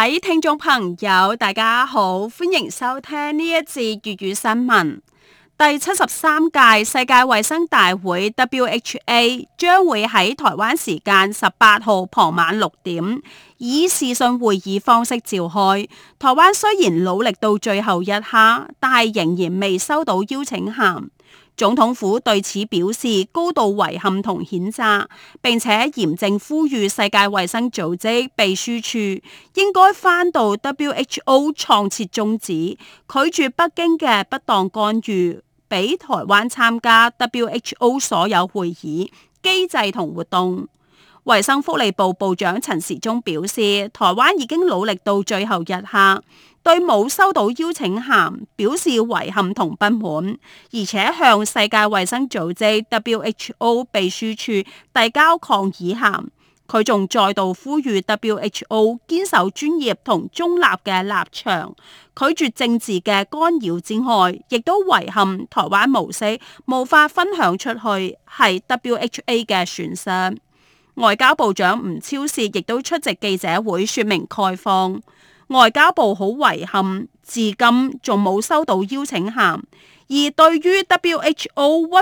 各位聽眾朋友，大家好，歡迎收聽呢一節粵語新聞。第七十三屆世界衛生大會 WHA 將會喺台灣時間十八號傍晚六點以視訊會議方式召開。台灣雖然努力到最後一刻，但係仍然未收到邀請函。總統府對此表示高度遺憾同譴責，並且嚴正呼籲世界衛生組織秘書處應該返到 WHO 創設宗旨，拒絕北京嘅不當干預，俾台灣參加 WHO 所有會議、機制同活動。衛生福利部部長陳時中表示，台灣已經努力到最後一刻，對冇收到邀請函表示遺憾同不滿，而且向世界衛生組織 WHO 秘書處遞交抗議函。佢仲再度呼籲 WHO 堅守專業同中立嘅立場，拒絕政治嘅干擾之外，亦都遺憾台灣模式，無法分享出去係 WHA 嘅損失。外交部長吳釗燮，亦都出席記者會說明概況。外交部好遺憾，至今仲冇收到邀請函。而對於 WHO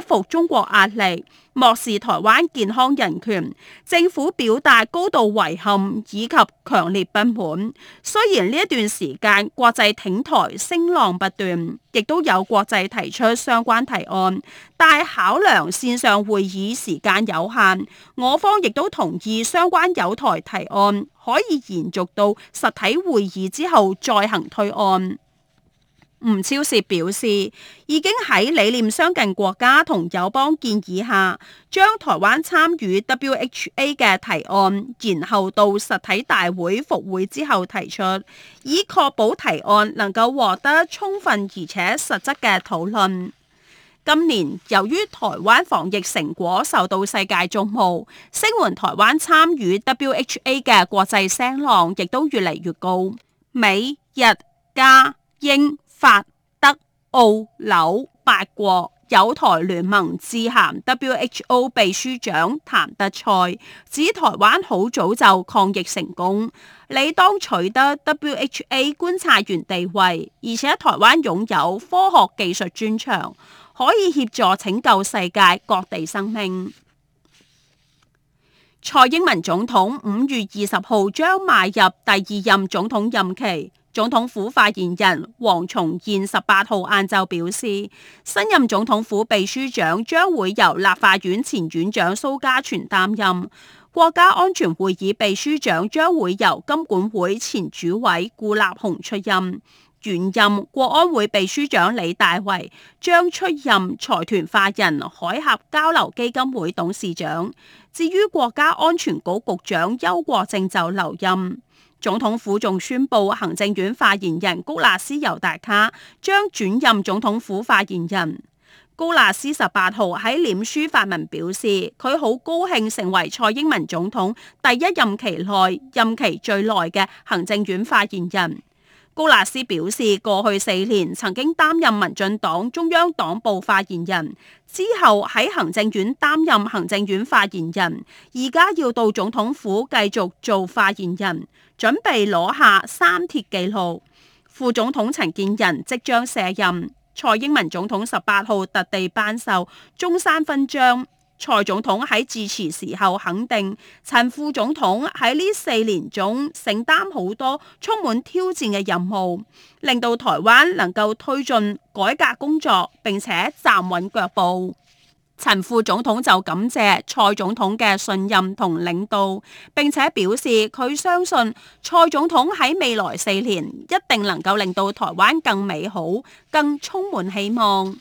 屈服中國壓力，漠視台灣健康人權，政府表達高度遺憾以及強烈不滿。雖然呢一段時間國際挺台聲浪不斷，亦都有國際提出相關提案，但考量線上會議時間有限，我方亦都同意相關有台提案可以延續到實體會議之後再行推案。吳釗燮表示已經喺理念相近國家同友邦建議下，將台灣參與 WHA 嘅提案，然後到實體大會復會之後提出，以確保提案能夠獲得充分而且實質嘅討論。今年由於台灣防疫成果受到世界矚目，聲援台灣參與 WHA 嘅國際聲浪亦都越嚟越高，美、日、加、英、法德澳紐八國友台聯盟致函 WHO 秘書長譚德塞，指台灣好早就抗疫成功，理當取得 WHA 觀察員地位，而且台灣擁有科學技術專長，可以協助拯救世界各地生命。蔡英文總統五月二十號將邁入第二任總統任期。總統府發言人黃重諺十八號晏晝表示，新任總統府秘書長將會由立法院前院長蘇嘉全擔任，國家安全會議秘書長將會由金管會前主委顧立雄出任，原任國安會秘書長李大維將出任財團法人海峽交流基金會董事長，至於國家安全局局長邱國正就留任。總統府仲宣布，行政院發言人谷辣斯尤達卡將轉任總統府發言人。谷辣斯十八號喺臉書發文表示，佢好高興成為蔡英文總統第一任期內任期最耐嘅行政院發言人。高納斯表示，過去四年曾經擔任民進黨中央黨部發言人，之後喺行政院擔任行政院發言人，而家要到總統府繼續做發言人，準備攞下三鐵紀錄。副總統陳建仁即將卸任，蔡英文總統十八號特地頒授中山勳章。蔡總統喺致辭時候肯定陳副總統喺呢四年總承擔好多充滿挑戰嘅任務，令到台灣能夠推進改革工作，並且站穩腳步。陳副總統就感謝蔡總統嘅信任同領導，並且表示佢相信蔡總統喺未來四年一定能夠令到台灣更美好、更充滿希望。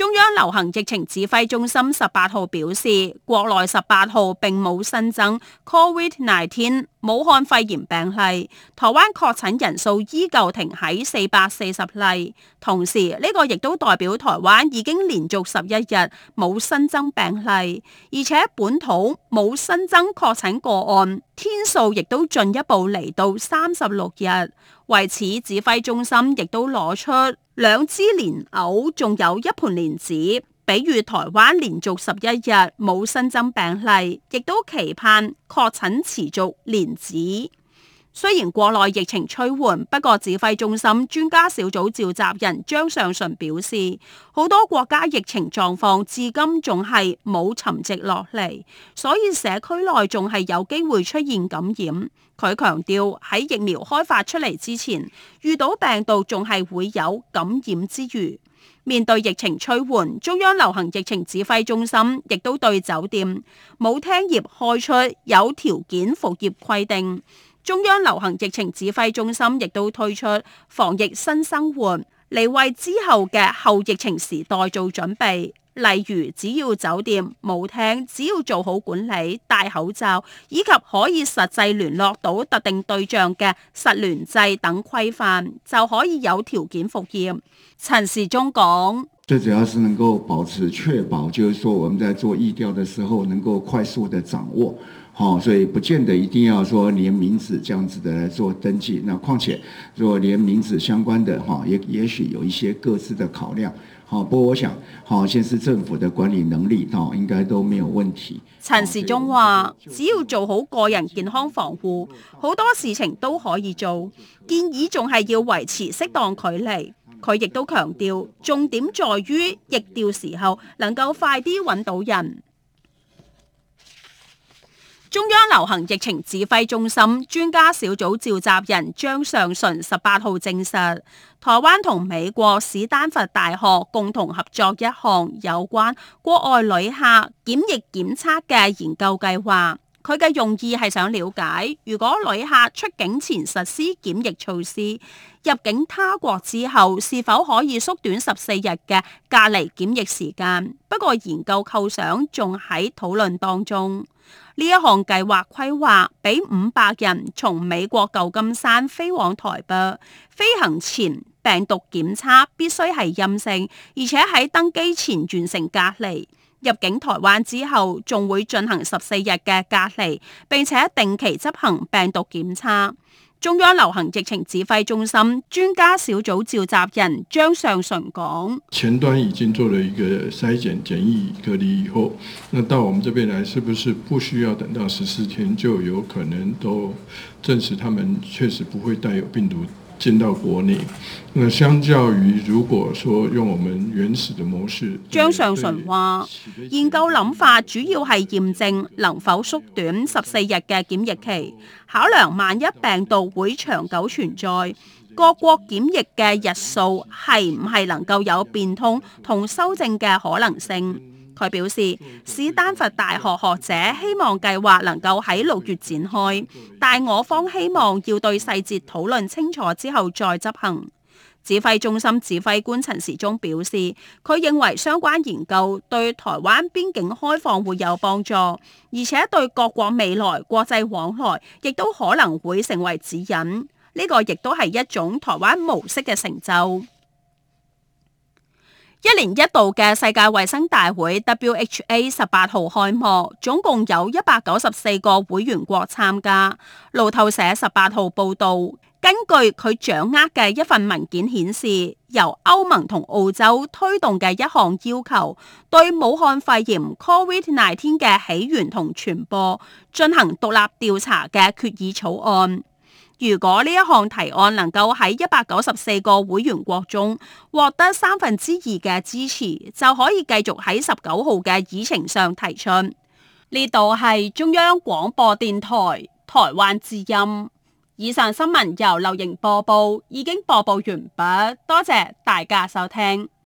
中央流行疫情指揮中心十八號表示，國內十八號並冇新增 COVID-Nineteen 武漢肺炎病例，台灣確診人數依舊停喺四百四十例，同時呢個亦都代表台灣已經連續十一日冇新增病例，而且本土冇新增確診個案，天數亦都進一步嚟到三十六日。為此，指揮中心亦都攞出兩支蓮藕，仲有一盤蓮子。比如台灣連續十一日冇新增病例，亦都期盼確診持續連止。雖然國內疫情趨緩，不過指揮中心專家小組召集人張上淳表示，好多國家疫情狀況至今仲係冇沉寂落嚟，所以社區內仲係有機會出現感染。佢強調喺疫苗開發出嚟之前，遇到病毒仲係會有感染之餘。面對疫情催緩，中央流行疫情指揮中心亦都對酒店舞廳業開出有條件復業規定。中央流行疫情指揮中心亦都推出防疫新生活，嚟為之後嘅後疫情時代做準備，例如只要酒店舞廳，只要做好管理、戴口罩，以及可以實際聯絡到特定對象嘅實聯制等規範，就可以有條件復業。陳時中講：最主要是能夠保持、確保，就是說，我們在做疫調的時候，能夠快速的掌握。好，所以不見得一定要說連名字這樣子的嚟做登記。那況且，若連名字相關的，哈，也也許有一些各自的考量。好，不過我想，好，先是政府的管理能力，哈，應該都沒有問題。陳時中話，只要做好個人健康防護，好多事情都可以做。建議仲係要維持適當距離。佢亦都強調，重點在於疫調時候能夠快啲揾到人。中央流行疫情指揮中心專家小組召集人張上淳十八號證實，台灣同美國史丹佛大學共同合作一項有關國外旅客檢疫檢測嘅研究計劃。佢嘅用意係想了解，如果旅客出境前實施檢疫措施，入境他國之後是否可以縮短十四日嘅隔離檢疫時間？不過研究構想仲喺討論當中。呢一項計劃規劃俾五百人從美國舊金山飛往台北，飛行前病毒檢測必須係陰性，而且喺登機前完成隔離。入境台灣之後，仲會進行十四日嘅隔離，並且定期執行病毒檢測。中央流行疫情指揮中心專家小組召集人張上淳講：前端已經做了一個篩檢、檢疫、隔離，以後，那到我們這邊來，是不是不需要等到十四天就有可能都證實他們確實不會帶有病毒？進到國內，那相較於如果說用我們原始的模式，張上淳話，研究諗法主要係驗證能否縮短十四日嘅檢疫期，考量萬一病毒會長久存在，各國檢疫嘅日數係唔係能夠有變通同修正嘅可能性。佢表示，史丹佛大學學者希望計劃能夠喺六月展開，但我方希望要對細節討論清楚之後再執行。指揮中心指揮官陳時中表示，佢認為相關研究對台灣邊境開放會有幫助，而且對各國未來國際往來亦都可能會成為指引。呢個亦都係一種台灣模式嘅成就。一年一度嘅世界衛生大會 （WHA） 十八號開幕，總共有一百九十四個會員國參加。路透社十八號報道，根據佢掌握嘅一份文件顯示，由歐盟同澳洲推動嘅一項要求，對武漢肺炎 （COVID-19） 嘅起源同傳播進行獨立調查嘅決議草案。如果呢一項提案能夠喺一百九十四個會員國中獲得三分之二嘅支持，就可以繼續喺十九號嘅議程上提出。呢度係中央廣播電台台灣之音。以上新聞由流盈播報，已經播報完畢，多謝大家收聽。